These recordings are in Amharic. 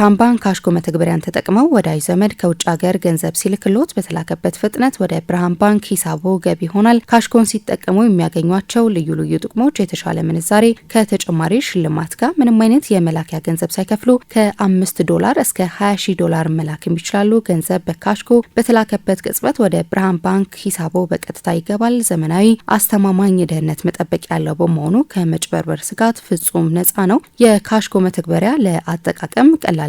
ብርሃን ባንክ ካሽኮ መተግበሪያን ተጠቅመው ወዳጅ ዘመድ ከውጭ ሀገር ገንዘብ ሲልክሎት በተላከበት ፍጥነት ወደ ብርሃን ባንክ ሂሳቦ ገቢ ይሆናል። ካሽኮን ሲጠቀሙ የሚያገኟቸው ልዩ ልዩ ጥቅሞች የተሻለ ምንዛሬ ከተጨማሪ ሽልማት ጋር ምንም አይነት የመላኪያ ገንዘብ ሳይከፍሉ ከአምስት ዶላር እስከ 20 ሺህ ዶላር መላክም ይችላሉ። ገንዘብ በካሽኮ በተላከበት ቅጽበት ወደ ብርሃን ባንክ ሂሳቦ በቀጥታ ይገባል። ዘመናዊ፣ አስተማማኝ ደህንነት መጠበቅ ያለው በመሆኑ ከመጭበርበር ስጋት ፍጹም ነፃ ነው። የካሽኮ መተግበሪያ ለአጠቃቀም ቀላል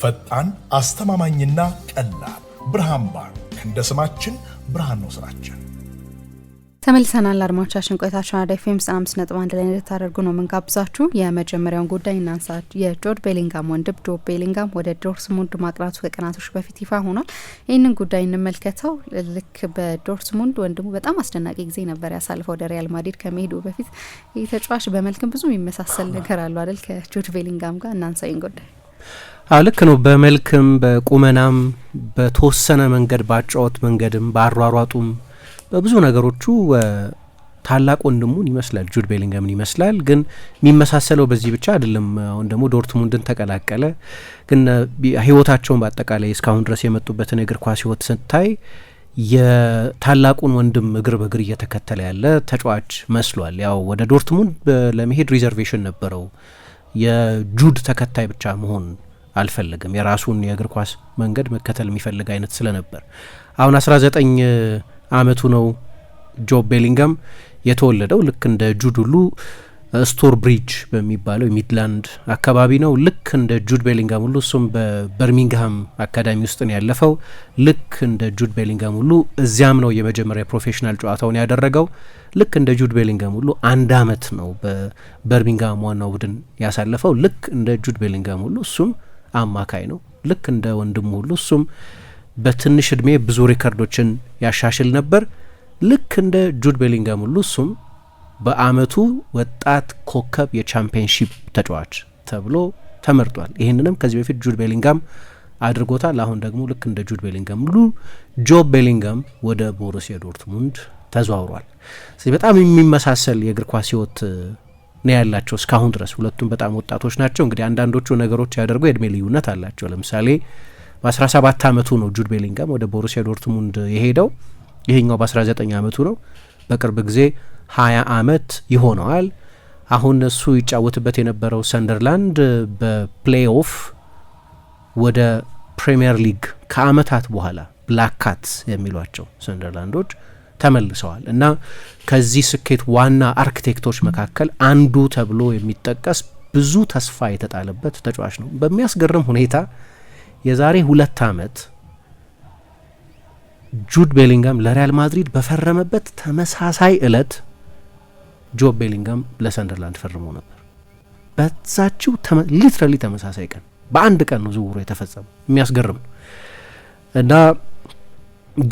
ፈጣን አስተማማኝና ቀላል ብርሃን ባንክ። እንደ ስማችን ብርሃን ነው ስራችን። ተመልሰናል አድማጮቻችን፣ ቆይታችን አራዳ ኤፍ ኤም ዘጠና አምስት ነጥብ አንድ ላይ እንድታደርጉ ነው የምንጋብዛችሁ። የመጀመሪያውን ጉዳይ እናንሳ። የጆድ ቤሊንጋም ወንድም ጆብ ቤሊንጋም ወደ ዶርትሙንድ ማቅናቱ ከቀናቶች በፊት ይፋ ሆኗል። ይህንን ጉዳይ እንመልከተው። ልክ በዶርትሙንድ ወንድሙ በጣም አስደናቂ ጊዜ ነበር ያሳልፈው ወደ ሪያል ማድሪድ ከመሄዱ በፊት። ተጫዋች በመልክም ብዙ የሚመሳሰል ነገር አሉ አይደል? ከጆድ ቤሊንጋም ጋር እናንሳ ይህን ጉዳይ አዎ ልክ ነው። በመልክም በቁመናም በተወሰነ መንገድ በአጫወት መንገድም በአሯሯጡም በብዙ ነገሮቹ ታላቅ ወንድሙን ይመስላል፣ ጁድ ቤሊንገምን ይመስላል። ግን የሚመሳሰለው በዚህ ብቻ አይደለም። አሁን ደግሞ ዶርትሙንድን ተቀላቀለ። ግን ህይወታቸውን በአጠቃላይ እስካሁን ድረስ የመጡበትን የእግር ኳስ ህይወት ስታይ የታላቁን ወንድም እግር በእግር እየተከተለ ያለ ተጫዋች መስሏል። ያው ወደ ዶርትሙንድ ለመሄድ ሪዘርቬሽን ነበረው የጁድ ተከታይ ብቻ መሆን አልፈለገም። የራሱን የእግር ኳስ መንገድ መከተል የሚፈልግ አይነት ስለነበር አሁን 19 አመቱ ነው። ጆብ ቤሊንጋም የተወለደው ልክ እንደ ጁድ ሁሉ ስቶር ብሪጅ በሚባለው የሚድላንድ አካባቢ ነው። ልክ እንደ ጁድ ቤሊንጋም ሁሉ እሱም በበርሚንግሃም አካዳሚ ውስጥ ነው ያለፈው። ልክ እንደ ጁድ ቤሊንጋም ሁሉ እዚያም ነው የመጀመሪያ ፕሮፌሽናል ጨዋታውን ያደረገው። ልክ እንደ ጁድ ቤሊንጋም ሁሉ አንድ አመት ነው በበርሚንግሃም ዋናው ቡድን ያሳለፈው። ልክ እንደ ጁድ ቤሊንጋም ሁሉ እሱም አማካይ ነው። ልክ እንደ ወንድሙ ሁሉ እሱም በትንሽ እድሜ ብዙ ሪከርዶችን ያሻሽል ነበር። ልክ እንደ ጁድ ቤሊንጋም ሁሉ እሱም በአመቱ ወጣት ኮከብ የቻምፒየንሺፕ ተጫዋች ተብሎ ተመርጧል። ይህንንም ከዚህ በፊት ጁድ ቤሊንጋም አድርጎታል። አሁን ደግሞ ልክ እንደ ጁድ ቤሊንጋም ሁሉ ጆብ ቤሊንጋም ወደ ቦሩሲያ ዶርትሙንድ ተዘዋውሯል። ስለዚህ በጣም የሚመሳሰል የእግር ኳስ ህይወት ነው ያላቸው እስካሁን ድረስ። ሁለቱም በጣም ወጣቶች ናቸው። እንግዲህ አንዳንዶቹ ነገሮች ያደርጉ የእድሜ ልዩነት አላቸው። ለምሳሌ በ17 ዓመቱ ነው ጁድ ቤሊንጋም ወደ ቦሩሲያ ዶርትሙንድ የሄደው። ይሄኛው በ19 ዓመቱ ነው። በቅርብ ጊዜ 20 ዓመት ይሆነዋል። አሁን እሱ ይጫወትበት የነበረው ሰንደርላንድ በፕሌይ ኦፍ ወደ ፕሪምየር ሊግ ከአመታት በኋላ ብላክ ካትስ የሚሏቸው ሰንደርላንዶች ተመልሰዋል እና ከዚህ ስኬት ዋና አርክቴክቶች መካከል አንዱ ተብሎ የሚጠቀስ ብዙ ተስፋ የተጣለበት ተጫዋች ነው። በሚያስገርም ሁኔታ የዛሬ ሁለት ዓመት ጁድ ቤሊንጋም ለሪያል ማድሪድ በፈረመበት ተመሳሳይ እለት ጆብ ቤሊንጋም ለሰንደርላንድ ፈርሞ ነበር። በዛችው ሊትራሊ ተመሳሳይ ቀን፣ በአንድ ቀን ነው ዝውውሩ የተፈጸመው። የሚያስገርም ነው እና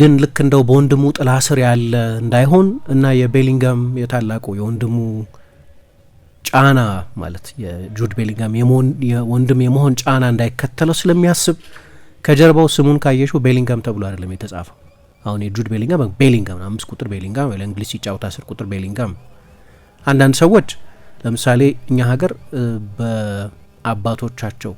ግን ልክ እንደው በወንድሙ ጥላ ስር ያለ እንዳይሆን እና የቤሊንጋም የታላቁ የወንድሙ ጫና ማለት የጁድ ቤሊንጋም ወንድም የመሆን ጫና እንዳይከተለው ስለሚያስብ ከጀርባው ስሙን ካየሽው ቤሊንጋም ተብሎ አይደለም የተጻፈው። አሁን የጁድ ቤሊንጋም ቤሊንጋም አምስት ቁጥር ቤሊንጋም ወይ ለእንግሊዝ ሲጫወት አስር ቁጥር ቤሊንጋም። አንዳንድ ሰዎች ለምሳሌ እኛ ሀገር በአባቶቻቸው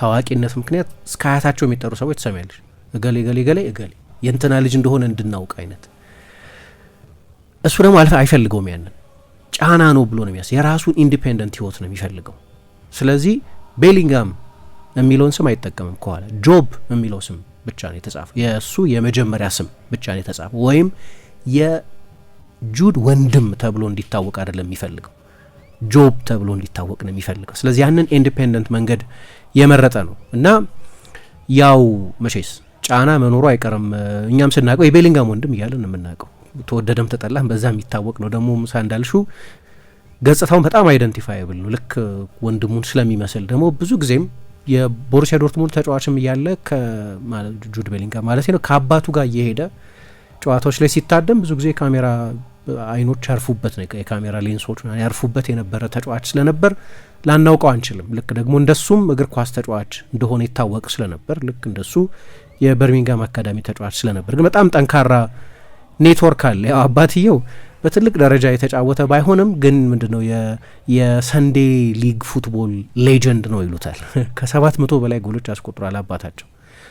ታዋቂነት ምክንያት እስከ አያታቸው የሚጠሩ ሰዎች ትሰሚያለሽ። እገሌ እገሌ እገሌ እገሌ የእንትና ልጅ እንደሆነ እንድናውቅ አይነት እሱ ደግሞ አልፈ አይፈልገውም። ያንን ጫና ነው ብሎ ነው የሚያስ የራሱን ኢንዲፔንደንት ህይወት ነው የሚፈልገው። ስለዚህ ቤሊንጋም የሚለውን ስም አይጠቀምም። ከኋላ ጆብ የሚለው ስም ብቻ ነው የተጻፈ የእሱ የመጀመሪያ ስም ብቻ ነው የተጻፈ ወይም የጁድ ወንድም ተብሎ እንዲታወቅ አይደለም የሚፈልገው፣ ጆብ ተብሎ እንዲታወቅ ነው የሚፈልገው። ስለዚህ ያንን ኢንዲፔንደንት መንገድ የመረጠ ነው እና ያው መቼስ ጫና መኖሩ አይቀርም። እኛም ስናውቀው የቤሊንጋም ወንድም እያለን የምናውቀው ተወደደም ተጠላም በዛ የሚታወቅ ነው። ደግሞ ሙሳ እንዳልሹ ገጽታውን በጣም አይደንቲፋይብል ነው፣ ልክ ወንድሙን ስለሚመስል ደግሞ ብዙ ጊዜም የቦሩሲያ ዶርትሙንድ ተጫዋችም እያለ ጁድ ቤሊንጋም ማለት ነው ከአባቱ ጋር እየሄደ ጨዋታዎች ላይ ሲታደም ብዙ ጊዜ ካሜራ አይኖች ያርፉበት ነው። የካሜራ ሌንሶች ያርፉበት የነበረ ተጫዋች ስለነበር ላናውቀው አንችልም። ልክ ደግሞ እንደሱም እግር ኳስ ተጫዋች እንደሆነ ይታወቅ ስለነበር ልክ እንደሱ የበርሚንጋም አካዳሚ ተጫዋች ስለነበር ግን በጣም ጠንካራ ኔትወርክ አለ። ያው አባትየው በትልቅ ደረጃ የተጫወተ ባይሆንም ግን ነው የሰንዴ ሊግ ፉትቦል ሌጀንድ ነው ይሉታል። ከሰባት መቶ በላይ ጎሎች ያስቆጥሯል አባታቸው።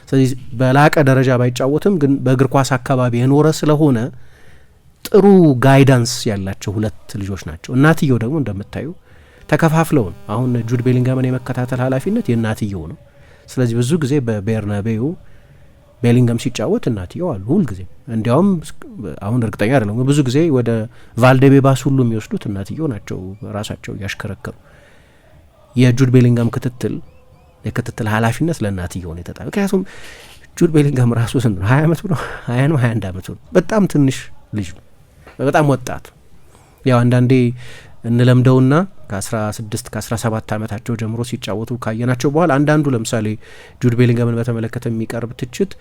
ስለዚህ በላቀ ደረጃ ባይጫወትም ግን በእግር ኳስ አካባቢ የኖረ ስለሆነ ጥሩ ጋይዳንስ ያላቸው ሁለት ልጆች ናቸው። እናትየው ደግሞ እንደምታዩ ተከፋፍለውን አሁን ጁድ ቤሊንጋምን የመከታተል ኃላፊነት የእናትየው ነው። ስለዚህ ብዙ ጊዜ በቤርናቤው ቤሊንጋም ሲጫወት እናትየው አሉ ሁልጊዜ። እንዲያውም አሁን እርግጠኛ አይደለም፣ ብዙ ጊዜ ወደ ቫልደቤባስ ሁሉ የሚወስዱት እናትየው ናቸው ራሳቸው እያሽከረከሩ። የጁድ ቤሊንጋም ክትትል የክትትል ኃላፊነት ለእናትየው ነው የተጣለ። ምክንያቱም ጁድ ቤሊንጋም ራሱ ስንት ነው? ሀያ አመቱ ነው ሀያ ነው ሀያ አንድ አመቱ ነው። በጣም ትንሽ ልጅ ነው። በጣም ወጣት ያው አንዳንዴ እንለምደውና ከ16 ከ17 ዓመታቸው ጀምሮ ሲጫወቱ ካየናቸው በኋላ አንዳንዱ ለምሳሌ ጁድ ቤሊንገምን በተመለከተ የሚቀርብ ትችት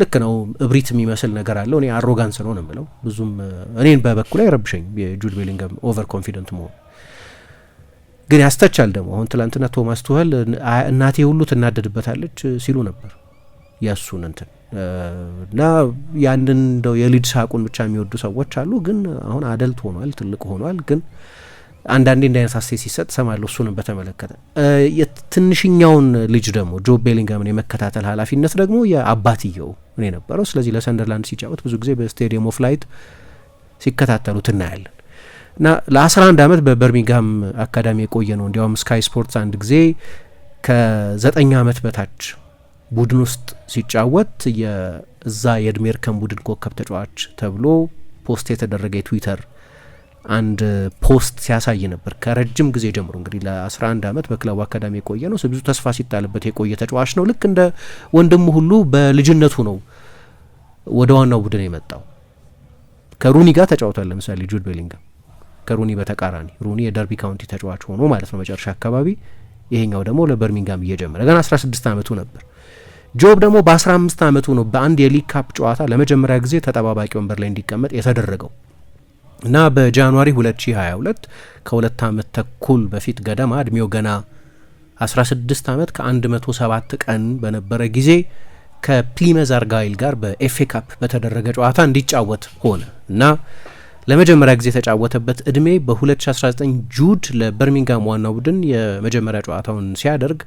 ልክ ነው፣ እብሪት የሚመስል ነገር አለው። እኔ አሮጋንስ ነው ነው የምለው። ብዙም እኔን በበኩል አይረብሸኝ የጁድ ቤሊንገም ኦቨር ኮንፊደንት መሆን ግን ያስተቻል። ደግሞ አሁን ትላንትና ቶማስ ቱኸል እናቴ ሁሉ ትናደድበታለች ሲሉ ነበር ያሱን እንትን እና ያንን እንደው የሊድ ሳቁን ብቻ የሚወዱ ሰዎች አሉ። ግን አሁን አደልት ሆኗል፣ ትልቅ ሆኗል። ግን አንዳንዴ እንደ አይነት ሲሰጥ ሰማለሁ። እሱንም በተመለከተ የትንሽኛውን ልጅ ደግሞ ጆብ ቤሊንጋምን የመከታተል ኃላፊነት ደግሞ የአባትየው እኔ ነበረው። ስለዚህ ለሰንደርላንድ ሲጫወት ብዙ ጊዜ በስቴዲየም ኦፍ ላይት ሲከታተሉት እናያለን እና ለ አንድ አመት በበርሚንግሃም አካዳሚ የቆየ ነው። እንዲያውም ስካይ ስፖርትስ አንድ ጊዜ ከዘጠኝ ዓመት በታች ቡድን ውስጥ ሲጫወት የዛ የእድሜ እርከን ቡድን ኮከብ ተጫዋች ተብሎ ፖስት የተደረገ የትዊተር አንድ ፖስት ሲያሳይ ነበር። ከረጅም ጊዜ ጀምሮ እንግዲህ ለ11 ዓመት በክለቡ አካዳሚ የቆየ ነው። ብዙ ተስፋ ሲጣልበት የቆየ ተጫዋች ነው። ልክ እንደ ወንድሙ ሁሉ በልጅነቱ ነው ወደ ዋናው ቡድን የመጣው። ከሩኒ ጋር ተጫውቷል። ለምሳሌ ጁድ ቤሊንግሃም ከሩኒ በተቃራኒ ሩኒ የደርቢ ካውንቲ ተጫዋች ሆኖ ማለት ነው መጨረሻ አካባቢ፣ ይሄኛው ደግሞ ለበርሚንጋም እየጀመረ ገና 16 ዓመቱ ነበር። ጆብ ደግሞ በ15 ዓመቱ ነው በአንድ የሊግ ካፕ ጨዋታ ለመጀመሪያ ጊዜ ተጠባባቂ ወንበር ላይ እንዲቀመጥ የተደረገው እና በጃንዋሪ 2022 ከሁለት ዓመት ተኩል በፊት ገደማ እድሜው ገና 16 ዓመት ከ107 ቀን በነበረ ጊዜ ከፕሊመዝ አርጋይል ጋር በኤፌ ካፕ በተደረገ ጨዋታ እንዲጫወት ሆነ እና ለመጀመሪያ ጊዜ የተጫወተበት እድሜ በ2019 ጁድ ለበርሚንጋም ዋና ቡድን የመጀመሪያ ጨዋታውን ሲያደርግ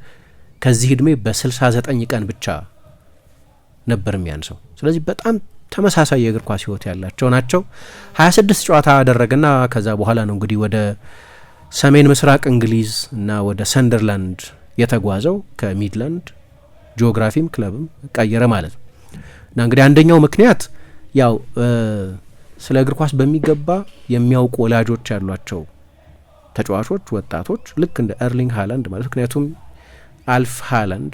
ከዚህ እድሜ በ69 ቀን ብቻ ነበር የሚያንሰው። ስለዚህ በጣም ተመሳሳይ የእግር ኳስ ህይወት ያላቸው ናቸው። 26 ጨዋታ አደረገና ከዛ በኋላ ነው እንግዲህ ወደ ሰሜን ምስራቅ እንግሊዝ እና ወደ ሰንደርላንድ የተጓዘው ከሚድላንድ ጂኦግራፊም ክለብም ቀየረ ማለት ነው። እና እንግዲህ አንደኛው ምክንያት ያው ስለ እግር ኳስ በሚገባ የሚያውቁ ወላጆች ያሏቸው ተጫዋቾች ወጣቶች ልክ እንደ ኤርሊንግ ሃላንድ ማለት ምክንያቱም አልፍ ሃላንድ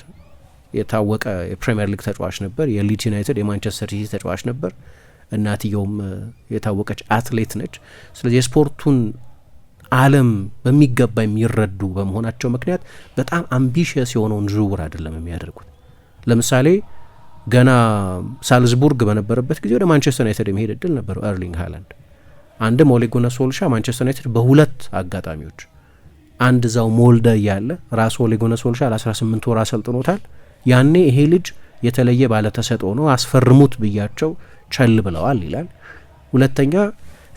የታወቀ የፕሪምየር ሊግ ተጫዋች ነበር። የሊድስ ዩናይትድ፣ የማንቸስተር ሲቲ ተጫዋች ነበር። እናትየውም የታወቀች አትሌት ነች። ስለዚህ የስፖርቱን ዓለም በሚገባ የሚረዱ በመሆናቸው ምክንያት በጣም አምቢሽየስ የሆነውን ዝውውር አይደለም የሚያደርጉት። ለምሳሌ ገና ሳልዝቡርግ በነበረበት ጊዜ ወደ ማንቸስተር ዩናይትድ የመሄድ እድል ነበረው ኤርሊንግ ሃላንድ። አንድም ኦሌ ጉናር ሶልሻ ማንቸስተር ዩናይትድ በሁለት አጋጣሚዎች አንድ እዛው ሞልደ እያለ ራሱ ኦሌ ጉናር ሶልሻር 18 ወር አሰልጥኖታል። ያኔ ይሄ ልጅ የተለየ ባለተሰጥኦ ነው አስፈርሙት ብያቸው ቸል ብለዋል ይላል። ሁለተኛ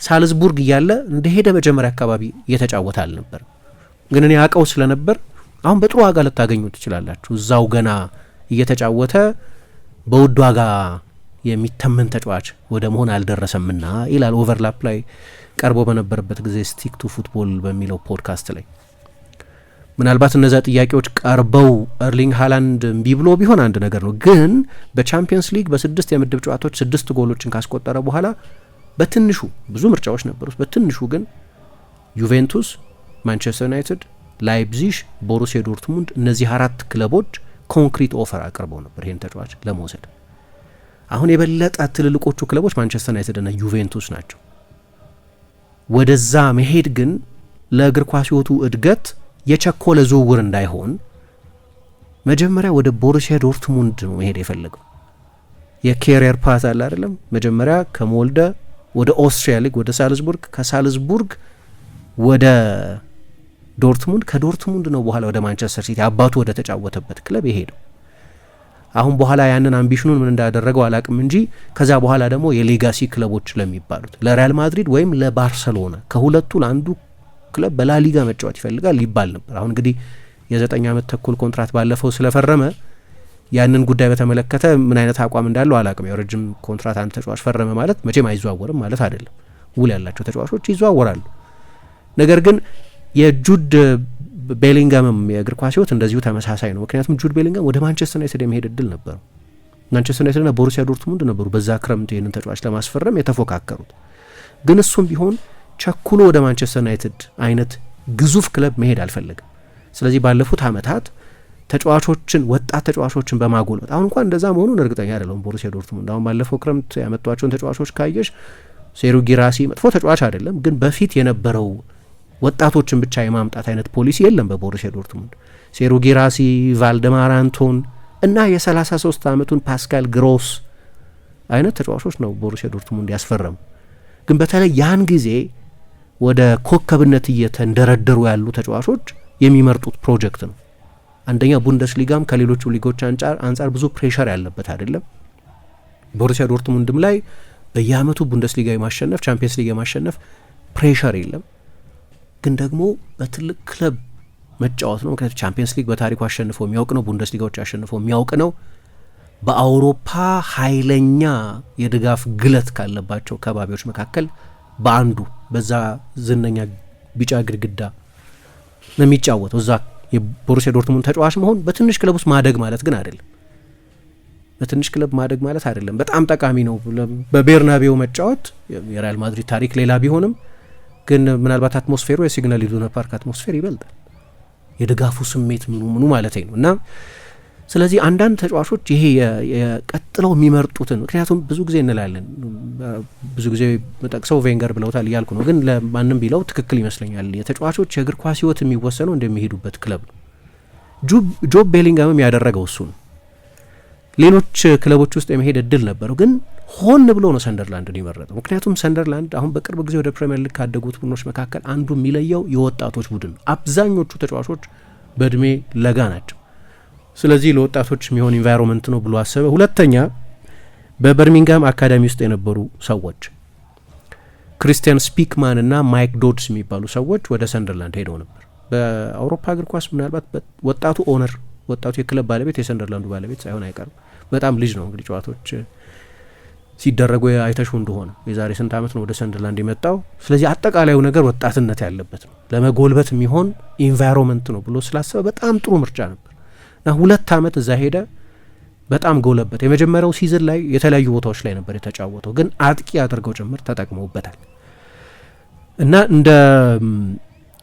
ሳልዝቡርግ እያለ እንደሄደ መጀመሪያ አካባቢ እየተጫወተ አልነበር፣ ግን እኔ አውቀው ስለነበር አሁን በጥሩ ዋጋ ልታገኙ ትችላላችሁ። እዛው ገና እየተጫወተ በውድ ዋጋ የሚተመን ተጫዋች ወደ መሆን አልደረሰምና ይላል። ኦቨርላፕ ላይ ቀርቦ በነበረበት ጊዜ ስቲክ ቱ ፉትቦል በሚለው ፖድካስት ላይ ምናልባት እነዛ ጥያቄዎች ቀርበው ኤርሊንግ ሃላንድ እምቢ ብሎ ቢሆን አንድ ነገር ነው። ግን በቻምፒየንስ ሊግ በስድስት የምድብ ጨዋታዎች ስድስት ጎሎችን ካስቆጠረ በኋላ በትንሹ ብዙ ምርጫዎች ነበሩት። በትንሹ ግን ዩቬንቱስ፣ ማንቸስተር ዩናይትድ፣ ላይፕዚሽ፣ ቦሩሲያ ዶርትሙንድ እነዚህ አራት ክለቦች ኮንክሪት ኦፈር አቅርበው ነበር ይህን ተጫዋች ለመውሰድ። አሁን የበለጠ ትልልቆቹ ክለቦች ማንቸስተር ዩናይትድ እና ዩቬንቱስ ናቸው። ወደዛ መሄድ ግን ለእግር ኳስ ይወቱ እድገት የቸኮለ ዝውውር እንዳይሆን መጀመሪያ ወደ ቦሩሲያ ዶርትሙንድ ነው መሄድ የፈለገው። የኬሪየር ፓት አለ አይደለም። መጀመሪያ ከሞልደ ወደ ኦስትሪያ ሊግ ወደ ሳልዝቡርግ፣ ከሳልዝቡርግ ወደ ዶርትሙንድ፣ ከዶርትሙንድ ነው በኋላ ወደ ማንቸስተር ሲቲ አባቱ ወደ ተጫወተበት ክለብ የሄደው። አሁን በኋላ ያንን አምቢሽኑን ምን እንዳደረገው አላቅም እንጂ ከዛ በኋላ ደግሞ የሌጋሲ ክለቦች ለሚባሉት ለሪያል ማድሪድ ወይም ለባርሰሎና ከሁለቱ ለአንዱ ክለብ በላሊጋ መጫወት ይፈልጋል ይባል ነበር። አሁን እንግዲህ የዘጠኝ አመት ተኩል ኮንትራት ባለፈው ስለፈረመ ያንን ጉዳይ በተመለከተ ምን አይነት አቋም እንዳለው አላቅም። ያው ረጅም ኮንትራት አንድ ተጫዋች ፈረመ ማለት መቼም አይዘዋወርም ማለት አይደለም። ውል ያላቸው ተጫዋቾች ይዘዋወራሉ። ነገር ግን የጁድ ቤሊንጋምም የእግር ኳስ ህይወት እንደዚሁ ተመሳሳይ ነው። ምክንያቱም ጁድ ቤሊንጋም ወደ ማንቸስተር ዩናይትድ የመሄድ እድል ነበረው። ማንቸስተር ዩናይትድና ቦሩሲያ ዶርትሙንድ ነበሩ በዛ ክረምት ይህንን ተጫዋች ለማስፈረም የተፎካከሩት። ግን እሱም ቢሆን ቸኩሎ ወደ ማንቸስተር ዩናይትድ አይነት ግዙፍ ክለብ መሄድ አልፈለግም። ስለዚህ ባለፉት አመታት ተጫዋቾችን ወጣት ተጫዋቾችን በማጎልበት አሁን እንኳን እንደዛ መሆኑን እርግጠኛ አይደለሁም። ቦሩሲያ ዶርትሙንድ አሁን ባለፈው ክረምት ያመጧቸውን ተጫዋቾች ካየሽ ሴሩ ጊራሲ መጥፎ ተጫዋች አይደለም፣ ግን በፊት የነበረው ወጣቶችን ብቻ የማምጣት አይነት ፖሊሲ የለም በቦሩሲያ ዶርትሙንድ። ሴሩ ጊራሲ፣ ቫልደማር አንቶን እና የ33 ዓመቱን ፓስካል ግሮስ አይነት ተጫዋቾች ነው ቦሩሲያ ዶርትሙንድ ያስፈረሙ። ግን በተለይ ያን ጊዜ ወደ ኮከብነት እየተንደረደሩ ያሉ ተጫዋቾች የሚመርጡት ፕሮጀክት ነው። አንደኛ ቡንደስሊጋም ከሌሎቹ ሊጎች አንጻር ብዙ ፕሬሸር ያለበት አይደለም። ቦሩሲያ ዶርትሙንድም ላይ በየአመቱ ቡንደስሊጋ የማሸነፍ ቻምፒየንስ ሊግ የማሸነፍ ፕሬሸር የለም። ግን ደግሞ በትልቅ ክለብ መጫወት ነው። ምክንያቱም ቻምፒየንስ ሊግ በታሪኩ አሸንፎ የሚያውቅ ነው። ቡንደስሊጋዎች አሸንፎ የሚያውቅ ነው። በአውሮፓ ኃይለኛ የድጋፍ ግለት ካለባቸው ከባቢዎች መካከል በአንዱ በዛ ዝነኛ ቢጫ ግድግዳ ነው የሚጫወተው። እዛ የቦሩሲያ ዶርትሙንድ ተጫዋች መሆን በትንሽ ክለብ ውስጥ ማደግ ማለት ግን አይደለም። በትንሽ ክለብ ማደግ ማለት አይደለም። በጣም ጠቃሚ ነው። በቤርናቤው መጫወት የሪያል ማድሪድ ታሪክ ሌላ ቢሆንም ግን ምናልባት አትሞስፌሩ የሲግናል ኢዱና ፓርክ አትሞስፌር ይበልጣል። የድጋፉ ስሜት ምኑ ምኑ ማለት ነው እና ስለዚህ አንዳንድ ተጫዋቾች ይሄ የቀጥለው የሚመርጡትን ምክንያቱም ብዙ ጊዜ እንላለን ብዙ ጊዜ ጠቅሰው ቬንገር ብለውታል እያልኩ ነው፣ ግን ለማንም ቢለው ትክክል ይመስለኛል። የተጫዋቾች የእግር ኳስ ህይወት የሚወሰነው እንደሚሄዱበት ክለብ ነው። ጆብ ቤሊንጋምም ያደረገው እሱ ነው። ሌሎች ክለቦች ውስጥ የመሄድ እድል ነበረው፣ ግን ሆን ብሎ ነው ሰንደርላንድን የመረጠው። ምክንያቱም ሰንደርላንድ አሁን በቅርብ ጊዜ ወደ ፕሪምየር ሊግ ካደጉት ቡድኖች መካከል አንዱ የሚለየው የወጣቶች ቡድን ነው። አብዛኞቹ ተጫዋቾች በእድሜ ለጋ ናቸው። ስለዚህ ለወጣቶች የሚሆን ኢንቫይሮንመንት ነው ብሎ አሰበ። ሁለተኛ በበርሚንግሃም አካዳሚ ውስጥ የነበሩ ሰዎች ክሪስቲያን ስፒክማን እና ማይክ ዶድስ የሚባሉ ሰዎች ወደ ሰንደርላንድ ሄደው ነበር። በአውሮፓ እግር ኳስ ምናልባት ወጣቱ ኦነር ወጣቱ የክለብ ባለቤት የሰንደርላንዱ ባለቤት ሳይሆን አይቀርም። በጣም ልጅ ነው እንግዲህ ጨዋታዎች ሲደረጉ አይተሹ እንደሆነ የዛሬ ስንት ዓመት ነው ወደ ሰንደርላንድ የመጣው። ስለዚህ አጠቃላዩ ነገር ወጣትነት ያለበት ነው፣ ለመጎልበት የሚሆን ኢንቫይሮንመንት ነው ብሎ ስላሰበ በጣም ጥሩ ምርጫ ነበር። ሁለት አመት እዛ ሄደ። በጣም ጎለበት። የመጀመሪያው ሲዝን ላይ የተለያዩ ቦታዎች ላይ ነበር የተጫወተው፣ ግን አጥቂ አድርገው ጭምር ተጠቅመውበታል እና እንደ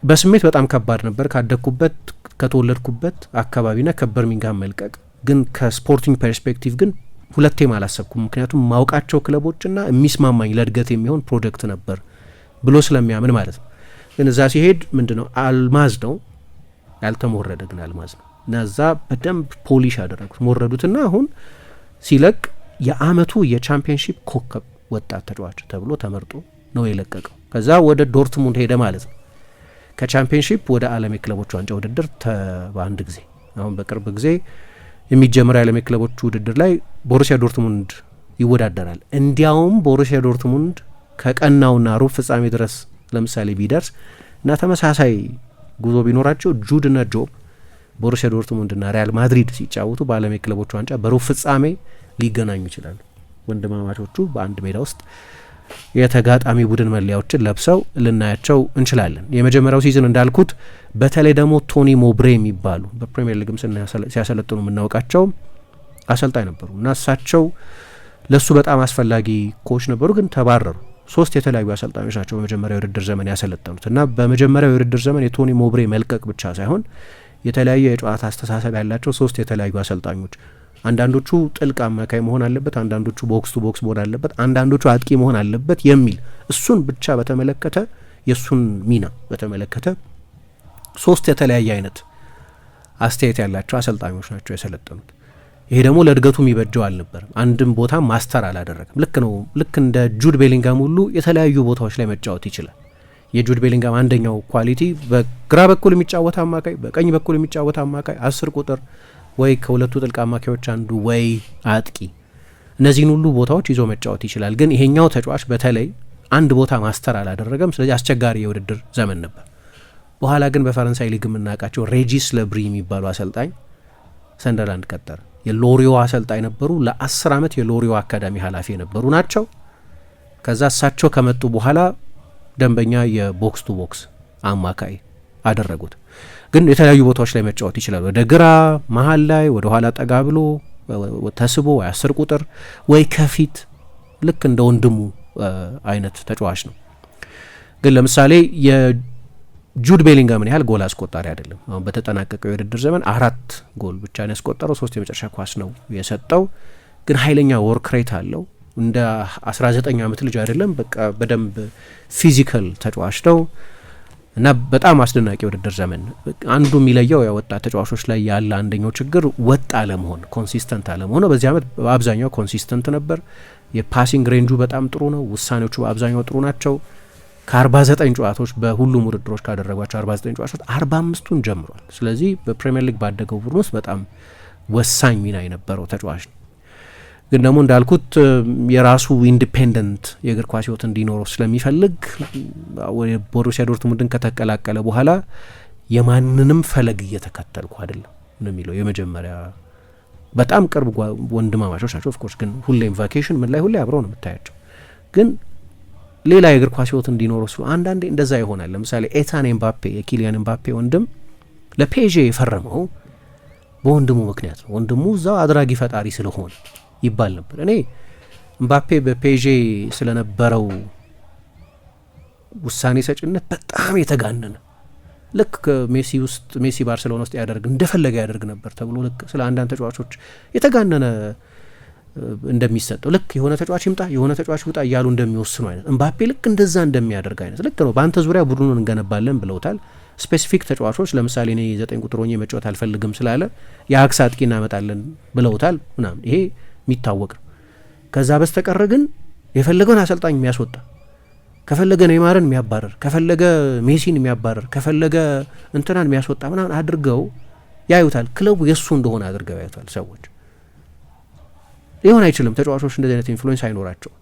በስሜት በጣም ከባድ ነበር። ካደግኩበት ከተወለድኩበት አካባቢና ከበርሚንግሃም መልቀቅ ግን ከስፖርቲንግ ፐርስፔክቲቭ ግን ሁለቴም አላሰብኩም። ምክንያቱም ማውቃቸው ክለቦችና የሚስማማኝ ለእድገት የሚሆን ፕሮጀክት ነበር ብሎ ስለሚያምን ማለት ነው። ግን እዛ ሲሄድ ምንድነው አልማዝ ነው ያልተሞረደ ግን አልማዝ ነው። ነዛ በደንብ ፖሊሽ ያደረጉት ወረዱትና አሁን ሲለቅ የአመቱ የቻምፒየንሺፕ ኮከብ ወጣት ተጫዋች ተብሎ ተመርጦ ነው የለቀቀው። ከዛ ወደ ዶርትሙንድ ሄደ ማለት ነው። ከቻምፒየንሺፕ ወደ ዓለም የክለቦች ዋንጫ ውድድር በአንድ ጊዜ አሁን በቅርብ ጊዜ የሚጀምር የዓለም የክለቦች ውድድር ላይ ቦሩሲያ ዶርትሙንድ ይወዳደራል። እንዲያውም ቦሩሲያ ዶርትሙንድ ከቀናውና ሩብ ፍጻሜ ድረስ ለምሳሌ ቢደርስ እና ተመሳሳይ ጉዞ ቢኖራቸው ጁድ ጆብ ቦሩሲያ ዶርትሙንድና ሪያል ማድሪድ ሲጫወቱ በዓለም የክለቦች ዋንጫ በሩብ ፍጻሜ ሊገናኙ ይችላሉ። ወንድማማቾቹ በአንድ ሜዳ ውስጥ የተጋጣሚ ቡድን መለያዎችን ለብሰው ልናያቸው እንችላለን። የመጀመሪያው ሲዝን እንዳልኩት በተለይ ደግሞ ቶኒ ሞብሬ የሚባሉ በፕሪሚየር ሊግም ሲያሰለጥኑ የምናውቃቸው አሰልጣኝ ነበሩ እና እሳቸው ለእሱ በጣም አስፈላጊ ኮች ነበሩ፣ ግን ተባረሩ። ሶስት የተለያዩ አሰልጣኞች ናቸው በመጀመሪያው የውድድር ዘመን ያሰለጠኑት እና በመጀመሪያው የውድድር ዘመን የቶኒ ሞብሬ መልቀቅ ብቻ ሳይሆን የተለያየ የጨዋታ አስተሳሰብ ያላቸው ሶስት የተለያዩ አሰልጣኞች አንዳንዶቹ ጥልቅ አማካይ መሆን አለበት፣ አንዳንዶቹ ቦክስ ቱ ቦክስ መሆን አለበት፣ አንዳንዶቹ አጥቂ መሆን አለበት የሚል እሱን ብቻ በተመለከተ የእሱን ሚና በተመለከተ ሶስት የተለያየ አይነት አስተያየት ያላቸው አሰልጣኞች ናቸው የሰለጠኑት። ይሄ ደግሞ ለእድገቱ የሚበጀው አልነበርም። አንድም ቦታ ማስተር አላደረገም። ልክ ነው። ልክ እንደ ጁድ ቤሊንጋም ሁሉ የተለያዩ ቦታዎች ላይ መጫወት ይችላል። የጁድ ቤሊንጋም አንደኛው ኳሊቲ በግራ በኩል የሚጫወት አማካይ፣ በቀኝ በኩል የሚጫወት አማካይ፣ አስር ቁጥር ወይ ከሁለቱ ጥልቅ አማካዮች አንዱ ወይ አጥቂ፣ እነዚህን ሁሉ ቦታዎች ይዞ መጫወት ይችላል። ግን ይሄኛው ተጫዋች በተለይ አንድ ቦታ ማስተር አላደረገም። ስለዚህ አስቸጋሪ የውድድር ዘመን ነበር። በኋላ ግን በፈረንሳይ ሊግ የምናውቃቸው ሬጂስ ለብሪ የሚባሉ አሰልጣኝ ሰንደርላንድ ቀጠረ። የሎሪዮ አሰልጣኝ ነበሩ። ለአስር ዓመት የሎሪዮ አካዳሚ ኃላፊ የነበሩ ናቸው። ከዛ እሳቸው ከመጡ በኋላ ደንበኛ የቦክስ ቱ ቦክስ አማካይ አደረጉት። ግን የተለያዩ ቦታዎች ላይ መጫወት ይችላል። ወደ ግራ፣ መሀል ላይ፣ ወደ ኋላ ጠጋ ብሎ ተስቦ፣ ወይ አስር ቁጥር ወይ ከፊት ልክ እንደ ወንድሙ አይነት ተጫዋች ነው። ግን ለምሳሌ የጁድ ቤሊንጋምን ያህል ጎል አስቆጣሪ አይደለም። አሁን በተጠናቀቀው የውድድር ዘመን አራት ጎል ብቻ ነው ያስቆጠረው፣ ሶስት የመጨረሻ ኳስ ነው የሰጠው። ግን ኃይለኛ ወርክ ሬት አለው እንደ 19 ዓመት ልጅ አይደለም። በቃ በደንብ ፊዚካል ተጫዋች ነው እና በጣም አስደናቂ የውድድር ዘመን አንዱ የሚለየው ወጣት ተጫዋቾች ላይ ያለ አንደኛው ችግር ወጥ አለመሆን፣ ኮንሲስተንት አለመሆን። በዚህ ዓመት በአብዛኛው ኮንሲስተንት ነበር። የፓሲንግ ሬንጁ በጣም ጥሩ ነው። ውሳኔዎቹ በአብዛኛው ጥሩ ናቸው። ከ49 ጨዋታዎች በሁሉም ውድድሮች ካደረጓቸው 49 ጨዋታዎች 45ቱን ጀምሯል። ስለዚህ በፕሪምየር ሊግ ባደገው ቡድን ውስጥ በጣም ወሳኝ ሚና የነበረው ተጫዋች ነው። ግን ደግሞ እንዳልኩት የራሱ ኢንዲፔንደንት የእግር ኳስ ህይወት እንዲኖረው ስለሚፈልግ ወደ ቦሩሲያ ዶርትሙንድን ከተቀላቀለ በኋላ የማንንም ፈለግ እየተከተልኩ አይደለም ነው የሚለው የመጀመሪያ በጣም ቅርብ ወንድማማቾች ናቸው። ኦፍኮርስ ግን ሁሌም ቫኬሽን ምን ላይ ሁሌ አብረው ነው የምታያቸው። ግን ሌላ የእግር ኳስ ህይወት እንዲኖረው ሱ አንዳንዴ እንደዛ ይሆናል። ለምሳሌ ኤታን ኤምባፔ የኪሊያን ኤምባፔ ወንድም ለፔዤ የፈረመው በወንድሙ ምክንያት ነው። ወንድሙ እዛው አድራጊ ፈጣሪ ስለሆነ ይባል ነበር። እኔ ምባፔ በፔዤ ስለነበረው ውሳኔ ሰጭነት በጣም የተጋነነ ልክ ከሜሲ ውስጥ ሜሲ ባርሴሎና ውስጥ ያደርግ እንደፈለገ ያደርግ ነበር ተብሎ ልክ ስለ አንዳንድ ተጫዋቾች የተጋነነ እንደሚሰጠው ልክ የሆነ ተጫዋች ይምጣ የሆነ ተጫዋች ውጣ እያሉ እንደሚወስኑ አይነት እምባፔ ልክ እንደዛ እንደሚያደርግ አይነት ልክ ነው። በአንተ ዙሪያ ቡድኑን እንገነባለን ብለውታል። ስፔሲፊክ ተጫዋቾች ለምሳሌ እኔ ዘጠኝ ቁጥር መጫወት አልፈልግም ስላለ የአክስ አጥቂ እናመጣለን ብለውታል ምናምን ይሄ የሚታወቅ ነው። ከዛ በስተቀር ግን የፈለገውን አሰልጣኝ የሚያስወጣ ከፈለገ ኔይማርን የሚያባረር ከፈለገ ሜሲን የሚያባረር ከፈለገ እንትናን የሚያስወጣ ምናምን አድርገው ያዩታል። ክለቡ የእሱ እንደሆነ አድርገው ያዩታል ሰዎች። ሊሆን አይችልም። ተጫዋቾች እንደዚህ አይነት ኢንፍሉዌንስ አይኖራቸው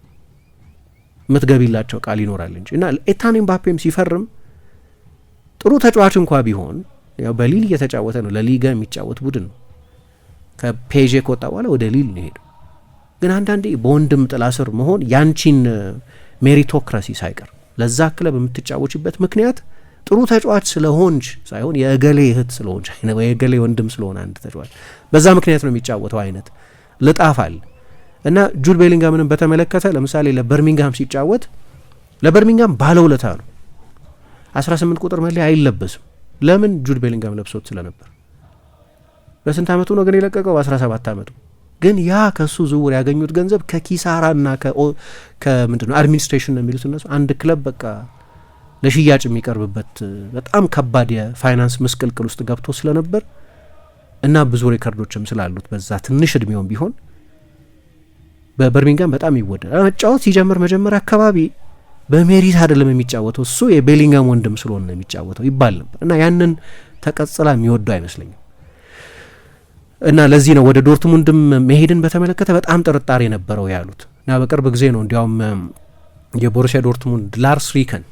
ምትገቢላቸው ቃል ይኖራል እንጂ እና ኤታን ኤምባፔም ሲፈርም ጥሩ ተጫዋች እንኳ ቢሆን ያው በሊል እየተጫወተ ነው። ለሊጋ የሚጫወት ቡድን ነው። ከፔዤ ከወጣ በኋላ ወደ ሊል ነው ሄደው ግን አንዳንዴ በወንድም ጥላ ስር መሆን ያንቺን ሜሪቶክራሲ ሳይቀር ለዛ ክለብ የምትጫወችበት ምክንያት ጥሩ ተጫዋች ስለሆንች ሳይሆን የእገሌ እህት ስለሆንች ወይ የእገሌ ወንድም ስለሆነ አንድ ተጫዋች በዛ ምክንያት ነው የሚጫወተው አይነት ልጣፍ አለ እና ጁድ ቤሊንጋምንም በተመለከተ ለምሳሌ ለበርሚንግሃም ሲጫወት ለበርሚንግሃም ባለውለታ ነው። 18 ቁጥር መለያ አይለበስም። ለምን? ጁድ ቤሊንጋም ለብሶት ስለነበር። በስንት ዓመቱ ነው ግን የለቀቀው? 17 ዓመቱ ግን ያ ከሱ ዝውውር ያገኙት ገንዘብ ከኪሳራና ከምንድን ነው አድሚኒስትሬሽን ነው የሚሉት እነሱ አንድ ክለብ በቃ ለሽያጭ የሚቀርብበት በጣም ከባድ የፋይናንስ ምስቅልቅል ውስጥ ገብቶ ስለነበር እና ብዙ ሬከርዶችም ስላሉት በዛ ትንሽ እድሜውም ቢሆን በበርሚንጋም በጣም ይወደዳል። መጫወት ሲጀምር መጀመሪያ አካባቢ በሜሪት አይደለም የሚጫወተው እሱ የቤሊንጋም ወንድም ስለሆነ ነው የሚጫወተው ይባል ነበር እና ያንን ተቀጽላ የሚወደው አይመስለኝም። እና ለዚህ ነው ወደ ዶርትሙንድም መሄድን በተመለከተ በጣም ጥርጣሬ ነበረው ያሉት እና በቅርብ ጊዜ ነው እንዲያውም የቦሩሲያ ዶርትሙንድ ላርስ ሪከን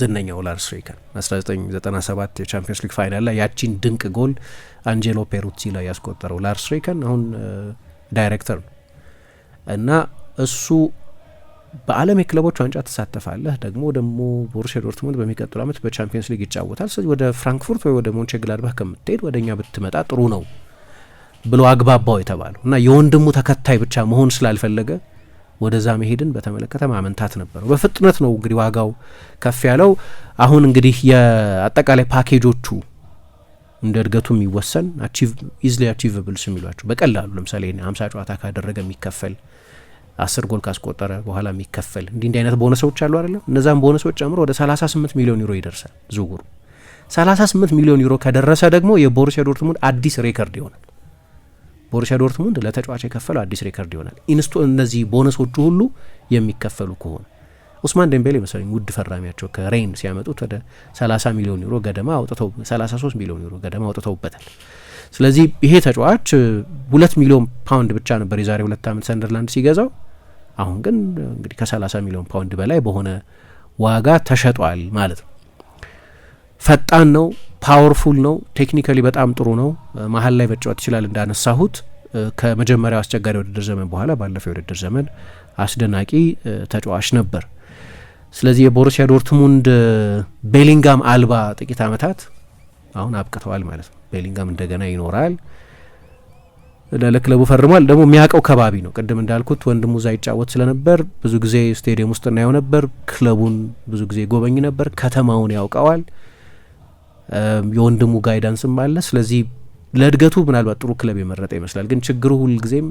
ዝነኛው ላርስ ሪከን 1997 የቻምፒዮንስ ሊግ ፋይናል ላይ ያቺን ድንቅ ጎል አንጀሎ ፔሩቺ ላይ ያስቆጠረው ላርስ ሪከን አሁን ዳይሬክተር ነው እና እሱ በዓለም የክለቦች ዋንጫ ትሳተፋለህ፣ ደግሞ ደግሞ ቦሩሲያ ዶርትሙንድ በሚቀጥሉ ዓመት በቻምፒዮንስ ሊግ ይጫወታል። ስለዚህ ወደ ፍራንክፉርት ወይ ወደ ሞንቼ ግላድባህ ከምትሄድ ወደ እኛ ብትመጣ ጥሩ ነው ብሎ አግባባው የተባለው እና የወንድሙ ተከታይ ብቻ መሆን ስላልፈለገ ወደዛ መሄድን በተመለከተ ማመንታት ነበረው። በፍጥነት ነው እንግዲህ ዋጋው ከፍ ያለው። አሁን እንግዲህ የአጠቃላይ ፓኬጆቹ እንደ እድገቱ የሚወሰን ኢዝሊ አቺቭብልስ የሚሏቸው በቀላሉ ለምሳሌ ሀምሳ ጨዋታ ካደረገ የሚከፈል አስር ጎል ካስቆጠረ በኋላ የሚከፈል እንዲህ እንዲህ አይነት ቦነሶች አሉ አይደለም። እነዛም ቦነሶች ጨምሮ ወደ 38 ሚሊዮን ዩሮ ይደርሳል ዝውውሩ። 38 ሚሊዮን ዩሮ ከደረሰ ደግሞ የቦሩሲያ ዶርትሙንድ አዲስ ሬከርድ ይሆናል። ቦሩሲያ ዶርትሙንድ ለተጫዋች የከፈለው አዲስ ሬከርድ ይሆናል። ኢንስቶ እነዚህ ቦነሶቹ ሁሉ የሚከፈሉ ከሆነ ኡስማን ደምቤሌ መሰለኝ ውድ ፈራሚያቸው ከሬን ሲያመጡት ወደ 30 ሚሊዮን ዩሮ ገደማ አውጥተው 33 ሚሊዮን ዩሮ ገደማ አውጥተውበታል። ስለዚህ ይሄ ተጫዋች ሁለት ሚሊዮን ፓውንድ ብቻ ነበር የዛሬ ሁለት ዓመት ሰንደርላንድ ሲገዛው። አሁን ግን እንግዲህ ከ30 ሚሊዮን ፓውንድ በላይ በሆነ ዋጋ ተሸጧል ማለት ነው። ፈጣን ነው። ፓወርፉል ነው። ቴክኒካሊ በጣም ጥሩ ነው። መሀል ላይ መጫወት ይችላል። እንዳነሳሁት ከመጀመሪያው አስቸጋሪ ውድድር ዘመን በኋላ ባለፈው የውድድር ዘመን አስደናቂ ተጫዋች ነበር። ስለዚህ የቦሩሲያ ዶርትሙንድ ቤሊንጋም አልባ ጥቂት ዓመታት አሁን አብቅተዋል ማለት ነው። ቤሊንጋም እንደገና ይኖራል፣ ለክለቡ ፈርሟል። ደግሞ የሚያውቀው ከባቢ ነው። ቅድም እንዳልኩት ወንድሙ እዛ ይጫወት ስለነበር ብዙ ጊዜ ስቴዲየም ውስጥ እናየው ነበር። ክለቡን ብዙ ጊዜ ጎበኝ ነበር። ከተማውን ያውቀዋል። የወንድሙ ጋይዳንስም አለ። ስለዚህ ለእድገቱ ምናልባት ጥሩ ክለብ የመረጠ ይመስላል። ግን ችግሩ ሁልጊዜም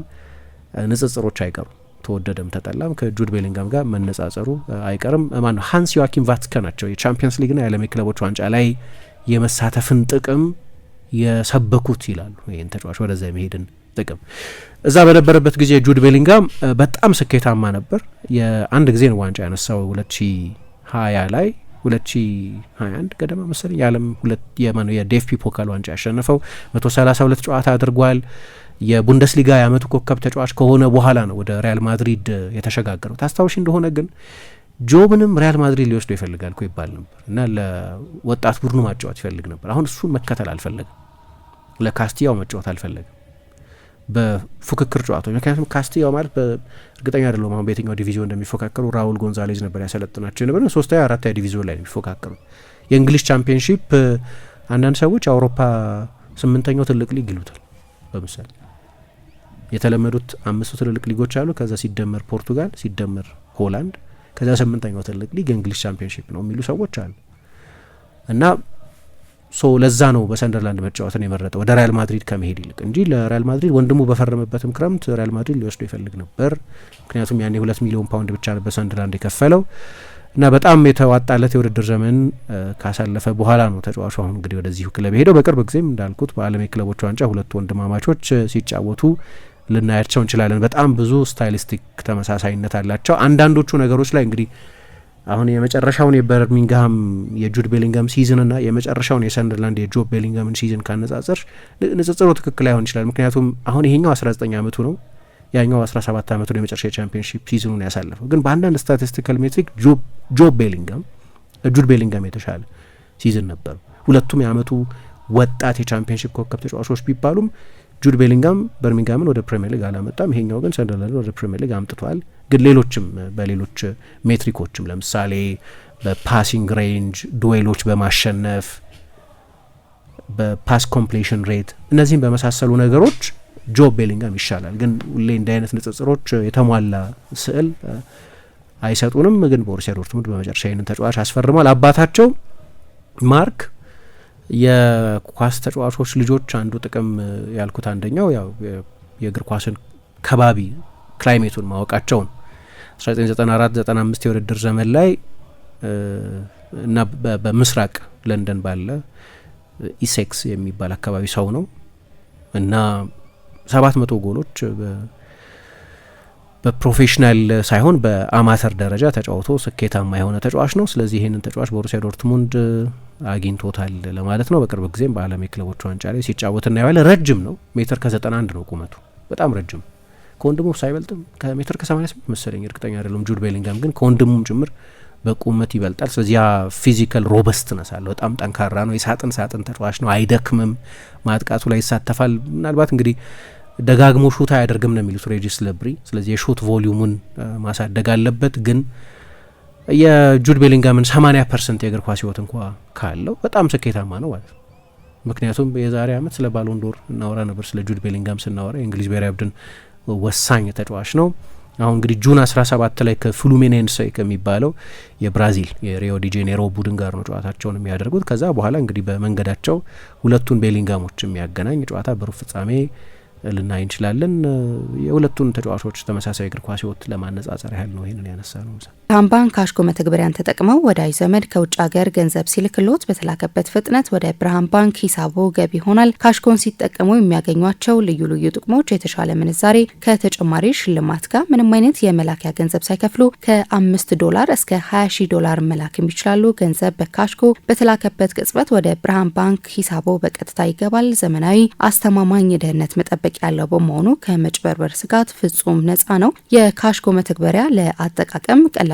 ንጽጽሮች አይቀሩም። ተወደደም ተጠላም ከጁድ ቤሊንጋም ጋር መነጻጸሩ አይቀርም። ማን ሀንስ ዮዋኪም ቫትስከ ናቸው የቻምፒየንስ ሊግና የዓለም የክለቦች ዋንጫ ላይ የመሳተፍን ጥቅም የሰበኩት ይላሉ። ይህን ተጫዋች ወደዛ የመሄድን ጥቅም እዛ በነበረበት ጊዜ ጁድ ቤሊንጋም በጣም ስኬታማ ነበር። የአንድ ጊዜ ዋንጫ ያነሳው 2020 ላይ 2021 ገደማ መሰለኝ የዓለም ሁለት የዴፍፒ ፖካል ዋንጫ ያሸነፈው 132 ጨዋታ አድርጓል። የቡንደስሊጋ የአመቱ ኮከብ ተጫዋች ከሆነ በኋላ ነው ወደ ሪያል ማድሪድ የተሸጋገረው። ታስታውሽ እንደሆነ ግን ጆብንም ሪያል ማድሪድ ሊወስዶ ይፈልጋል እኮ ይባል ነበር እና ለወጣት ቡድኑ ማጫወት ይፈልግ ነበር። አሁን እሱን መከተል አልፈለግም፣ ለካስቲያው መጫወት አልፈለግም። በፉክክር ጨዋታዎች ምክንያቱም ካስቲያው ማለት በእርግጠኛ አይደለሁም አሁን በየትኛው ዲቪዚዮን እንደሚፎካከሩ ራውል ጎንዛሌዝ ነበር ያሰለጥናቸው የነበረ ሶስተኛ አራተኛ ዲቪዚዮን ላይ ነው የሚፎካከሩ የእንግሊዝ ቻምፒየንሺፕ አንዳንድ ሰዎች አውሮፓ ስምንተኛው ትልቅ ሊግ ይሉታል በምሳሌ የተለመዱት አምስቱ ትልልቅ ሊጎች አሉ ከዛ ሲደመር ፖርቱጋል ሲደመር ሆላንድ ከዛ ስምንተኛው ትልቅ ሊግ የእንግሊዝ ቻምፒየንሺፕ ነው የሚሉ ሰዎች አሉ እና ሶ ለዛ ነው በሰንደርላንድ መጫወትን የመረጠው ወደ ሪያል ማድሪድ ከመሄድ ይልቅ እንጂ ለሪያል ማድሪድ ወንድሙ በፈረመበትም ክረምት ሪያል ማድሪድ ሊወስዶ ይፈልግ ነበር። ምክንያቱም ያኔ ሁለት ሚሊዮን ፓውንድ ብቻ በሰንደርላንድ የከፈለው እና በጣም የተዋጣለት የውድድር ዘመን ካሳለፈ በኋላ ነው ተጫዋቹ አሁን እንግዲህ ወደዚሁ ክለብ የሄደው። በቅርብ ጊዜም እንዳልኩት በዓለም የክለቦች ዋንጫ ሁለቱ ወንድማማቾች ሲጫወቱ ልናያቸው እንችላለን። በጣም ብዙ ስታይሊስቲክ ተመሳሳይነት አላቸው። አንዳንዶቹ ነገሮች ላይ እንግዲህ አሁን የመጨረሻውን የበርሚንግሃም የጁድ ቤሊንጋም ሲዝንና የመጨረሻውን የሰንደርላንድ የጆብ ቤሊንጋምን ሲዝን ካነጻጽር ንጽጽሩ ትክክል አይሆን ይችላል። ምክንያቱም አሁን ይሄኛው 19 ዓመቱ ነው፣ ያኛው 17 ዓመቱ ነው የመጨረሻ የቻምፒዮንሺፕ ሲዝኑን ያሳለፈው። ግን በአንዳንድ ስታቲስቲካል ሜትሪክ ጆብ ቤሊንጋም ጁድ ቤሊንጋም የተሻለ ሲዝን ነበሩ። ሁለቱም የአመቱ ወጣት የቻምፒዮንሺፕ ኮከብ ተጫዋቾች ቢባሉም ጁድ ቤሊንጋም በርሚንጋምን ወደ ፕሪምየር ሊግ አላመጣም። ይሄኛው ግን ሰንደርላንድ ወደ ፕሪምየር ሊግ አምጥቷል። ግን ሌሎችም በሌሎች ሜትሪኮችም ለምሳሌ በፓሲንግ ሬንጅ፣ ዱዌሎች በማሸነፍ በፓስ ኮምፕሌሽን ሬት፣ እነዚህም በመሳሰሉ ነገሮች ጆብ ቤሊንጋም ይሻላል። ግን ሁሌ እንዲህ አይነት ንጽጽሮች የተሟላ ስዕል አይሰጡንም። ግን ቦሩሲያ ዶርትሙንድ በመጨረሻ ይህንን ተጫዋች አስፈርሟል። አባታቸው ማርክ የኳስ ተጫዋቾች ልጆች አንዱ ጥቅም ያልኩት አንደኛው ያው የእግር ኳስን ከባቢ ክላይሜቱን ማወቃቸው ነው። 1994 95 የውድድር ዘመን ላይ እና በምስራቅ ለንደን ባለ ኢሴክስ የሚባል አካባቢ ሰው ነው እና ሰባት መቶ ጎሎች በፕሮፌሽናል ሳይሆን በአማተር ደረጃ ተጫውቶ ስኬታማ የሆነ ተጫዋች ነው። ስለዚህ ይህንን ተጫዋች ቦሩሲያ ዶርትሙንድ አግኝቶታል ለማለት ነው። በቅርብ ጊዜም በዓለም የክለቦች ዋንጫ ላይ ሲጫወት እናየዋለን። ረጅም ነው፣ ሜትር ከ91 ነው ሜትር ከዘጠና አንድ ነው ቁመቱ በጣም ረጅም ከወንድሙ ሳይበልጥም ከሜትር ከ88 መሰለኝ እርግጠኛ አይደለም። ጁድ ቤሊንጋም ግን ከወንድሙም ጭምር በቁመት ይበልጣል። ስለዚህ ያ ፊዚካል ሮበስት አለው። በጣም ጠንካራ ነው። የሳጥን ሳጥን ተጫዋች ነው። አይደክምም። ማጥቃቱ ላይ ይሳተፋል። ምናልባት እንግዲህ ደጋግሞ ሹት አያደርግም ነው የሚሉት ሬጂስ ለብሪ። ስለዚህ የሹት ቮሊዩሙን ማሳደግ አለበት። ግን የጁድ ቤሊንጋምን 80 ፐርሰንት የእግር ኳስ ህይወት እንኳ ካለው በጣም ስኬታማ ነው ማለት ነው። ምክንያቱም የዛሬ አመት ስለ ባሎንዶር እናወራ ነበር፣ ስለ ጁድ ቤሊንጋም ስናወራ የእንግሊዝ ብሔራዊ ቡድን ወሳኝ ተጫዋች ነው። አሁን እንግዲህ ጁን 17 ላይ ከፍሉሚኔንስ ከሚባለው የብራዚል የሪዮ ዲ ጄኔሮ ቡድን ጋር ነው ጨዋታቸውን የሚያደርጉት። ከዛ በኋላ እንግዲህ በመንገዳቸው ሁለቱን ቤሊንጋሞች የሚያገናኝ ጨዋታ በሩብ ፍጻሜ ልናይ እንችላለን። የሁለቱን ተጫዋቾች ተመሳሳይ እግር ኳስ ህይወት ለማነጻጸር ያህል ነው ይህንን ያነሳ ነው። ብርሃን ካሽኮ መተግበሪያን ተጠቅመው ወዳጅ ዘመድ ከውጭ ሀገር ገንዘብ ሲልክሎት በተላከበት ፍጥነት ወደ ብርሃን ባንክ ሂሳቦ ገቢ ይሆናል። ካሽኮን ሲጠቀሙ የሚያገኟቸው ልዩ ልዩ ጥቅሞች የተሻለ ምንዛሬ ከተጨማሪ ሽልማት ጋር ምንም አይነት የመላኪያ ገንዘብ ሳይከፍሉ ከአምስት ዶላር እስከ 20 ሺ ዶላር መላክም ይችላሉ። ገንዘብ በካሽኮ በተላከበት ቅጽበት ወደ ብርሃን ባንክ ሂሳቦ በቀጥታ ይገባል። ዘመናዊ፣ አስተማማኝ የደህንነት መጠበቅ ያለው በመሆኑ ከመጭበርበር ስጋት ፍጹም ነፃ ነው። የካሽኮ መተግበሪያ ለአጠቃቀም ቀላል